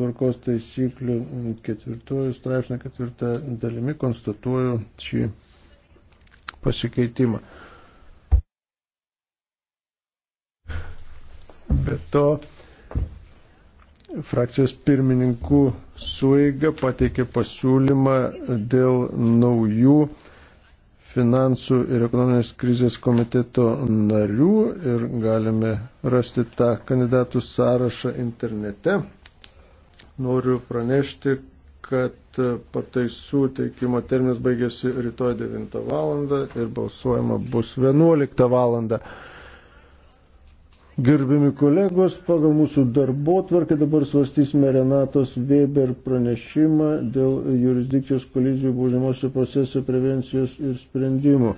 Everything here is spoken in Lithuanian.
tvarkos taisyklių ketvirtojų straipsnio ketvirtą dalimi konstatuoju šį pasikeitimą. Be to, frakcijos pirmininkų suiga pateikė pasiūlymą dėl naujų finansų ir ekonominės krizės komiteto narių ir galime rasti tą kandidatų sąrašą internete noriu pranešti, kad pataisų teikimo terminas baigėsi rytoj 9 val. ir balsuojama bus 11 val. Gerbimi kolegos, pagal mūsų darbo tvarkę dabar svarstysime Renatos Weber pranešimą dėl jurisdikcijos kolizijų būžimuose procesų prevencijos ir sprendimų.